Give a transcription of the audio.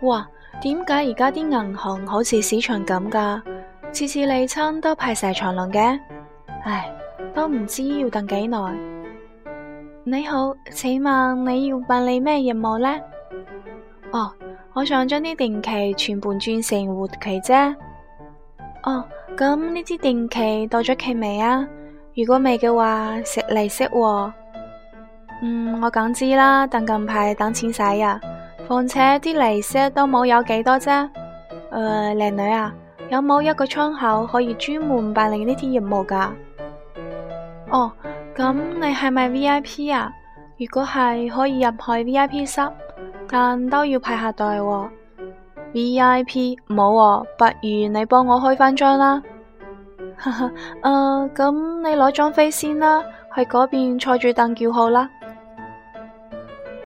哇，點解而家啲銀行好似市場咁噶？次次嚟親都排晒長龍嘅，唉，都唔知要等幾耐。你好，請問你要辦理咩業務呢？哦，我想將啲定期全部轉成活期啫。哦，咁呢支定期到咗期未啊？如果未嘅話，蝕利息喎。嗯，我梗知啦，但近排等錢使啊。況且啲利息都冇有幾多啫。誒、呃，靚女啊，有冇一個窗口可以專門辦理呢啲業務噶？哦，咁你係咪 V I P 啊？如果係，可以入去 V I P 室，但都要排下隊喎、啊。V I P 冇，不如你幫我開翻張、 呃、啦。呵呵，誒，咁你攞張飛先啦，去嗰邊坐住等叫號啦。